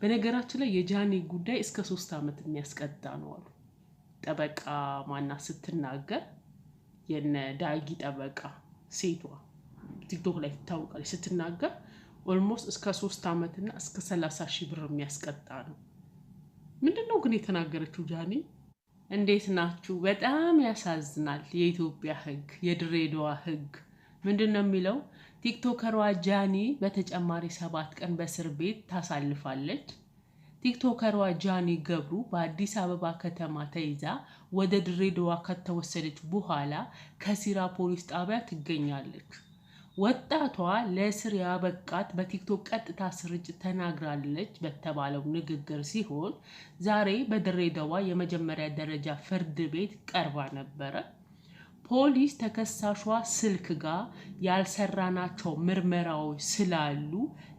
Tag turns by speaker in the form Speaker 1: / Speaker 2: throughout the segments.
Speaker 1: በነገራችን ላይ የጃኒ ጉዳይ እስከ ሶስት ዓመት የሚያስቀጣ ነው አሉ ጠበቃ ማና ስትናገር የነ ዳጊ ጠበቃ ሴቷ ቲክቶክ ላይ ትታወቃለች። ስትናገር ኦልሞስት እስከ ሶስት ዓመትና እስከ ሰላሳ ሺህ ብር የሚያስቀጣ ነው። ምንድን ነው ግን የተናገረችው ጃኒ? እንዴት ናችሁ? በጣም ያሳዝናል። የኢትዮጵያ ህግ የድሬዳዋ ህግ ምንድን ነው የሚለው? ቲክቶከሯ ጃኒ በተጨማሪ ሰባት ቀን በእስር ቤት ታሳልፋለች። ቲክቶከሯ ጃኒ ገብሩ በአዲስ አበባ ከተማ ተይዛ ወደ ድሬዳዋ ከተወሰደች በኋላ ከሲራ ፖሊስ ጣቢያ ትገኛለች። ወጣቷ ለእስር ያበቃት በቲክቶክ ቀጥታ ስርጭት ተናግራለች በተባለው ንግግር ሲሆን ዛሬ በድሬዳዋ የመጀመሪያ ደረጃ ፍርድ ቤት ቀርባ ነበረ። ፖሊስ ተከሳሿ ስልክ ጋር ያልሰራናቸው ምርመራዎች ስላሉ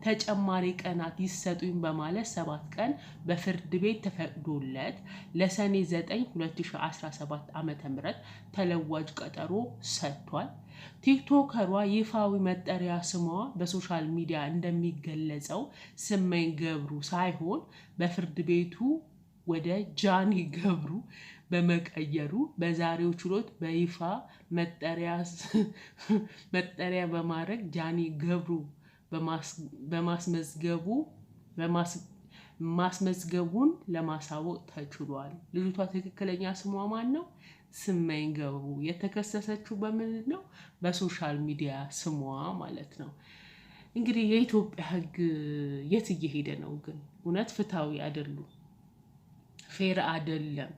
Speaker 1: ተጨማሪ ቀናት ይሰጡኝ በማለት ሰባት ቀን በፍርድ ቤት ተፈቅዶለት ለሰኔ 9 2017 ዓ ም ተለዋጅ ቀጠሮ ሰጥቷል። ቲክቶከሯ ይፋዊ መጠሪያ ስሟ በሶሻል ሚዲያ እንደሚገለጸው ስመኝ ገብሩ ሳይሆን በፍርድ ቤቱ ወደ ጃኒ ገብሩ በመቀየሩ በዛሬው ችሎት በይፋ መጠሪያ በማድረግ ጃኒ ገብሩ በማስመዝገቡ ማስመዝገቡን ለማሳወቅ ተችሏል። ልጅቷ ትክክለኛ ስሟ ማን ነው? ስመኝ ገብሩ። የተከሰሰችው በምንድን ነው? በሶሻል ሚዲያ ስሟ ማለት ነው። እንግዲህ የኢትዮጵያ ሕግ የት እየሄደ ነው? ግን እውነት ፍትሐዊ አይደሉም፣ ፌር አይደለም።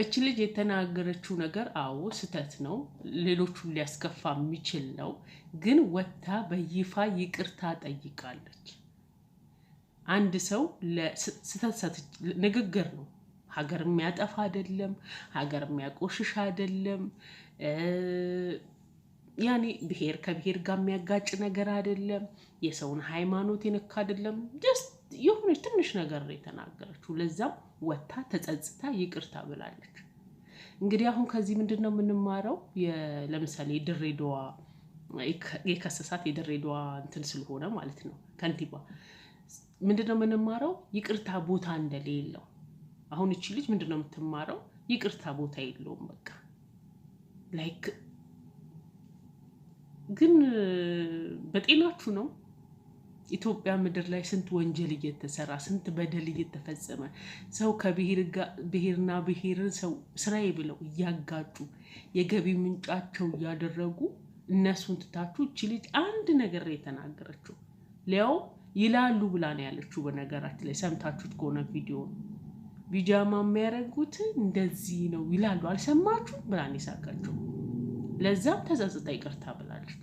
Speaker 1: እች ልጅ የተናገረችው ነገር አዎ ስህተት ነው፣ ሌሎቹን ሊያስከፋ የሚችል ነው። ግን ወጥታ በይፋ ይቅርታ ጠይቃለች። አንድ ሰው ስህተት ንግግር ነው። ሀገር የሚያጠፋ አይደለም፣ ሀገር የሚያቆሽሽ አይደለም። ያኔ ብሔር ከብሔር ጋር የሚያጋጭ ነገር አይደለም። የሰውን ሃይማኖት የነካ አይደለም። ጀስት የሆነች ትንሽ ነገር ነው የተናገረችው። ለዛም ወታ ተጸጽታ ይቅርታ ብላለች። እንግዲህ አሁን ከዚህ ምንድን ነው የምንማረው? ለምሳሌ ድሬዳዋ የከሰሳት የድሬዳዋ እንትን ስለሆነ ማለት ነው ከንቲባ ምንድን ነው የምንማረው? ይቅርታ ቦታ እንደሌለው አሁን እቺ ልጅ ምንድን ነው የምትማረው? ይቅርታ ቦታ የለውም። በቃ ላይክ ግን በጤናችሁ ነው ኢትዮጵያ ምድር ላይ ስንት ወንጀል እየተሰራ ስንት በደል እየተፈጸመ ሰው ከብሔርና ብሔርን ሰው ስራዬ ብለው እያጋጩ የገቢ ምንጫቸው እያደረጉ እነሱን ትታችሁ እቺ ልጅ አንድ ነገር የተናገረችው ሊያው ይላሉ ብላ ነው ያለችው። በነገራችን ላይ ሰምታችሁት ከሆነ ቪዲዮ ቢጃማ የሚያደርጉት እንደዚህ ነው ይላሉ አልሰማችሁም? ብላን የሳቀችው ለዛም ተጸጽታ ይቅርታ ብላለች።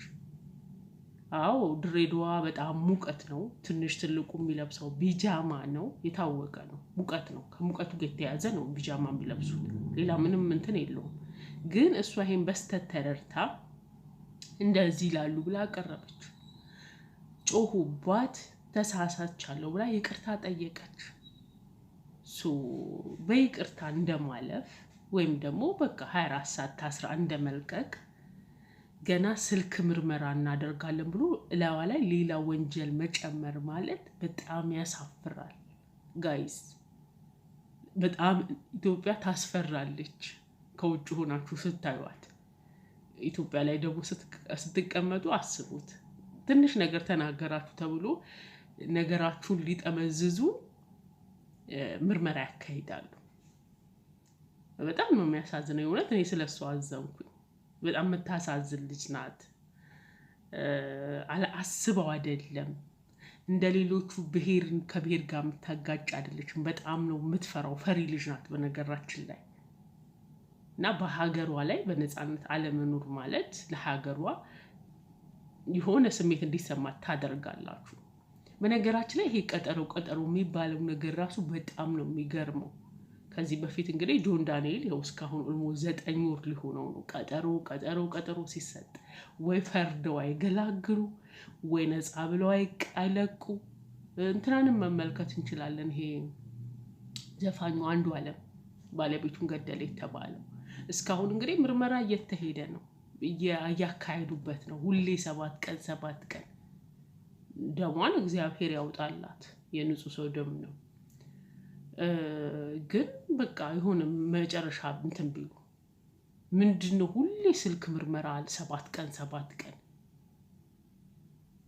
Speaker 1: አዎ ድሬዳዋ በጣም ሙቀት ነው። ትንሽ ትልቁ የሚለብሰው ቢጃማ ነው፣ የታወቀ ነው። ሙቀት ነው፣ ከሙቀቱ ጋር የተያዘ ነው ቢጃማ የሚለብሱት። ሌላ ምንም እንትን የለውም። ግን እሷ ይሄን በስተት ተረድታ እንደዚህ ይላሉ ብላ አቀረበች። ጮሁባት፣ ተሳሳቻለሁ ብላ ይቅርታ ጠየቀች። በይቅርታ እንደማለፍ ወይም ደግሞ በቃ 24 ሰዓት ታስራ እንደመልቀቅ ገና ስልክ ምርመራ እናደርጋለን ብሎ እላዋ ላይ ሌላ ወንጀል መጨመር ማለት በጣም ያሳፍራል። ጋይዝ በጣም ኢትዮጵያ ታስፈራለች። ከውጭ ሆናችሁ ስታዩት ኢትዮጵያ ላይ ደግሞ ስትቀመጡ አስቡት። ትንሽ ነገር ተናገራችሁ ተብሎ ነገራችሁን ሊጠመዝዙ ምርመራ ያካሂዳሉ። በጣም ነው የሚያሳዝነው። የእውነት እኔ ስለሱ አዘንኩኝ። በጣም የምታሳዝን ልጅ ናት። አስበው አይደለም እንደ ሌሎቹ ብሄር ከብሄር ጋር የምታጋጭ አይደለችም። በጣም ነው የምትፈራው፣ ፈሪ ልጅ ናት በነገራችን ላይ እና በሀገሯ ላይ በነፃነት አለመኖር ማለት ለሀገሯ የሆነ ስሜት እንዲሰማት ታደርጋላችሁ። በነገራችን ላይ ይሄ ቀጠሮ ቀጠሮ የሚባለው ነገር ራሱ በጣም ነው የሚገርመው። ከዚህ በፊት እንግዲህ ጆን ዳንኤል ያው እስካሁን ኦልሞ ዘጠኝ ወር ሊሆነው ነው። ቀጠሮ ቀጠሮ ቀጠሮ ሲሰጥ ወይ ፈርደው አይገላግሉ ወይ ነጻ ብለው አይለቁ። እንትናንም መመልከት እንችላለን። ይሄ ዘፋኙ አንዱ አለም ባለቤቱን ገደለ የተባለው እስካሁን እንግዲህ ምርመራ እየተሄደ ነው፣ እያካሄዱበት ነው። ሁሌ ሰባት ቀን ሰባት ቀን ደሟን እግዚአብሔር ያውጣላት። የንጹህ ሰው ደም ነው። ግን በቃ የሆነ መጨረሻ እንትን ቢሉ ምንድን ሁሌ ስልክ ምርመራ አለ። ሰባት ቀን ሰባት ቀን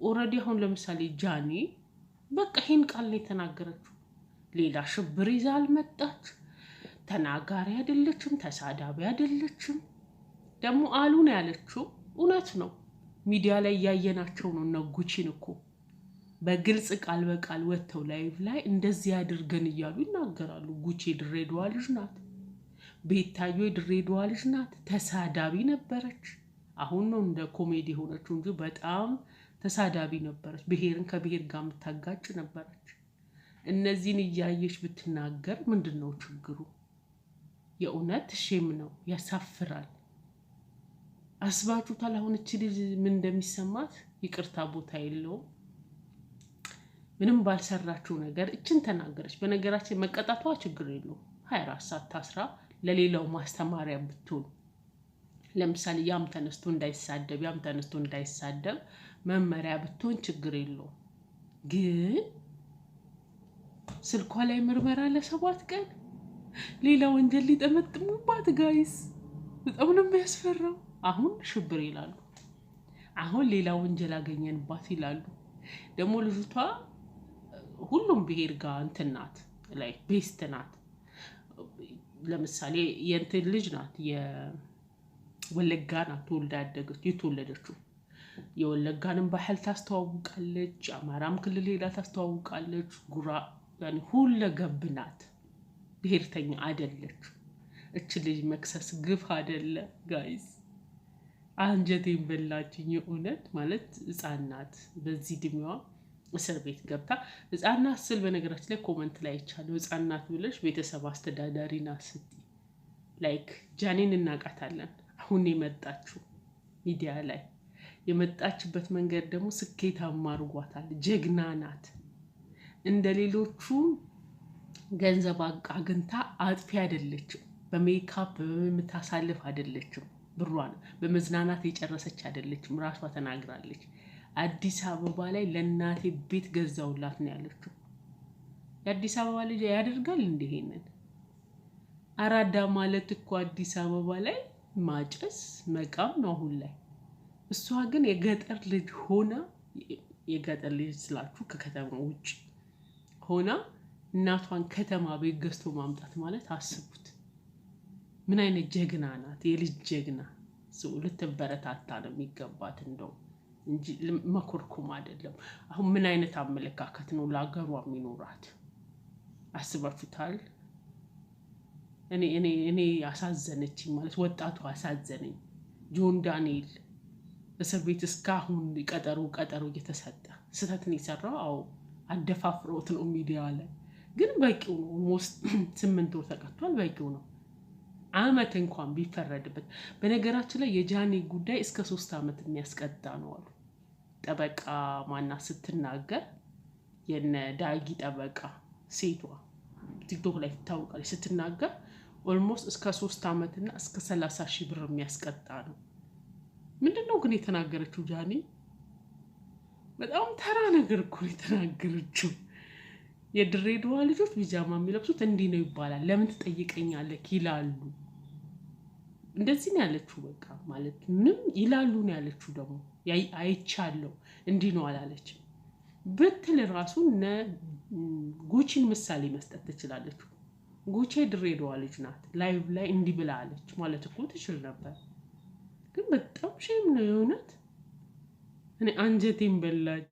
Speaker 1: ኦልሬዲ። አሁን ለምሳሌ ጃኒ በቃ ይሄን ቃል ነው የተናገረችው። ሌላ ሽብር ይዛ አልመጣች። ተናጋሪ አይደለችም፣ ተሳዳቢ አይደለችም። ደግሞ አሉ ነው ያለችው። እውነት ነው። ሚዲያ ላይ እያየናቸው ነው እነ ጉቺን እኮ በግልጽ ቃል በቃል ወጥተው ላይቭ ላይ እንደዚህ አድርገን እያሉ ይናገራሉ። ጉቼ ድሬዳዋ ልጅ ናት፣ ቤታዮ ድሬዳዋ ልጅ ናት። ተሳዳቢ ነበረች። አሁን ነው እንደ ኮሜዲ የሆነችው እንጂ በጣም ተሳዳቢ ነበረች። ብሔርን ከብሔር ጋር የምታጋጭ ነበረች። እነዚህን እያየች ብትናገር ምንድን ነው ችግሩ? የእውነት ሼም ነው፣ ያሳፍራል። አስባችሁታል? አሁን እች ልጅ ምን እንደሚሰማት ይቅርታ ቦታ የለውም። ምንም ባልሰራችው ነገር እችን ተናገረች። በነገራችን መቀጣቷ ችግር የለው፣ ሀያ አራት ሰዓት ታስራ ለሌላው ማስተማሪያ ብትሆን ለምሳሌ ያም ተነስቶ እንዳይሳደብ ያም ተነስቶ እንዳይሳደብ መመሪያ ብትሆን ችግር የለውም። ግን ስልኳ ላይ ምርመራ ለሰባት ቀን ሌላ ወንጀል ሊጠመጥሙባት ጋይስ፣ በጣም ነው የሚያስፈራው። አሁን ሽብር ይላሉ፣ አሁን ሌላ ወንጀል አገኘንባት ይላሉ። ደግሞ ልጅቷ ሁሉም ብሄር ጋር እንትን ናት ላይ ቤስት ናት። ለምሳሌ የእንትን ልጅ ናት የወለጋ ናት ተወልዳ ያደገች የተወለደችው የወለጋንም ባህል ታስተዋውቃለች። አማራም ክልል ሌላ ታስተዋውቃለች። ጉራ ያኔ ሁለ ገብ ናት፣ ብሄርተኛ አይደለች። እች ልጅ መክሰስ ግፍ አይደለ ጋይዝ፣ አንጀቴን በላችኝ። የእውነት ማለት ህፃን ናት በዚህ እድሜዋ እስር ቤት ገብታ ህጻናት ስል በነገራችን ላይ ኮመንት ላይ ይቻለሁ ህጻናት ብለሽ ቤተሰብ አስተዳዳሪ ና ስቲ ላይክ ጃኔን እናቃታለን። አሁን የመጣችው ሚዲያ ላይ የመጣችበት መንገድ ደግሞ ስኬታማ አድርጓታል። ጀግና ናት። እንደ ሌሎቹ ገንዘብ አግኝታ አጥፊ አይደለችም። በሜካፕ የምታሳልፍ አይደለችም። ብሯን በመዝናናት የጨረሰች አይደለችም። ራሷ ተናግራለች። አዲስ አበባ ላይ ለእናቴ ቤት ገዛውላት ነው ያለችው። የአዲስ አበባ ልጅ ያደርጋል እንዲሄንን አራዳ ማለት እኮ አዲስ አበባ ላይ ማጨስ መቃም ነው አሁን ላይ። እሷ ግን የገጠር ልጅ ሆና የገጠር ልጅ ስላችሁ ከከተማ ውጭ ሆና እናቷን ከተማ ቤት ገዝቶ ማምጣት ማለት አስቡት። ምን አይነት ጀግና ናት! የልጅ ጀግና ልትበረታታ ነው የሚገባት እንደው እንጂ መኮርኮም አይደለም። አሁን ምን አይነት አመለካከት ነው ለሀገሯ የሚኖራት አስባችሁታል? እኔ እኔ እኔ አሳዘነችኝ ማለት ወጣቱ አሳዘነኝ። ጆን ዳንኤል እስር ቤት እስካሁን ቀጠሮ ቀጠሮ እየተሰጠ ስህተት ነው የሰራው። አዎ አደፋፍረውት ነው ሚዲያ ላይ ግን በቂው ነው። ኦልሞስት ስምንት ወር ተቀጥቷል። በቂው ነው። አመት እንኳን ቢፈረድበት፣ በነገራችን ላይ የጃኒ ጉዳይ እስከ ሶስት አመት የሚያስቀጣ ነው አሉ ጠበቃ ማና ስትናገር የነ ዳጊ ጠበቃ ሴቷ ቲክቶክ ላይ ትታወቃለች። ስትናገር ኦልሞስት እስከ ሶስት አመት እና እስከ ሰላሳ ሺህ ብር የሚያስቀጣ ነው። ምንድን ነው ግን የተናገረችው ጃኒ? በጣም ተራ ነገር እኮ የተናገረችው። የድሬዳዋ ልጆች ቢጃማ የሚለብሱት እንዲህ ነው ይባላል። ለምን ትጠይቀኛለህ ይላሉ። እንደዚህ ነው ያለችው። በቃ ማለት ምን ይላሉ ነው ያለችው። ደግሞ አይቻለው እንዲህ ነው አላለችም ብትል ራሱ ጉቺን ምሳሌ መስጠት ትችላለች። ጉቼ ድሬዳዋ ልጅ ናት። ላይቭ ላይ እንዲህ ብላ አለች ማለት እኮ ትችል ነበር። ግን በጣም ሼም ነው የእውነት እኔ አንጀቴን በላች።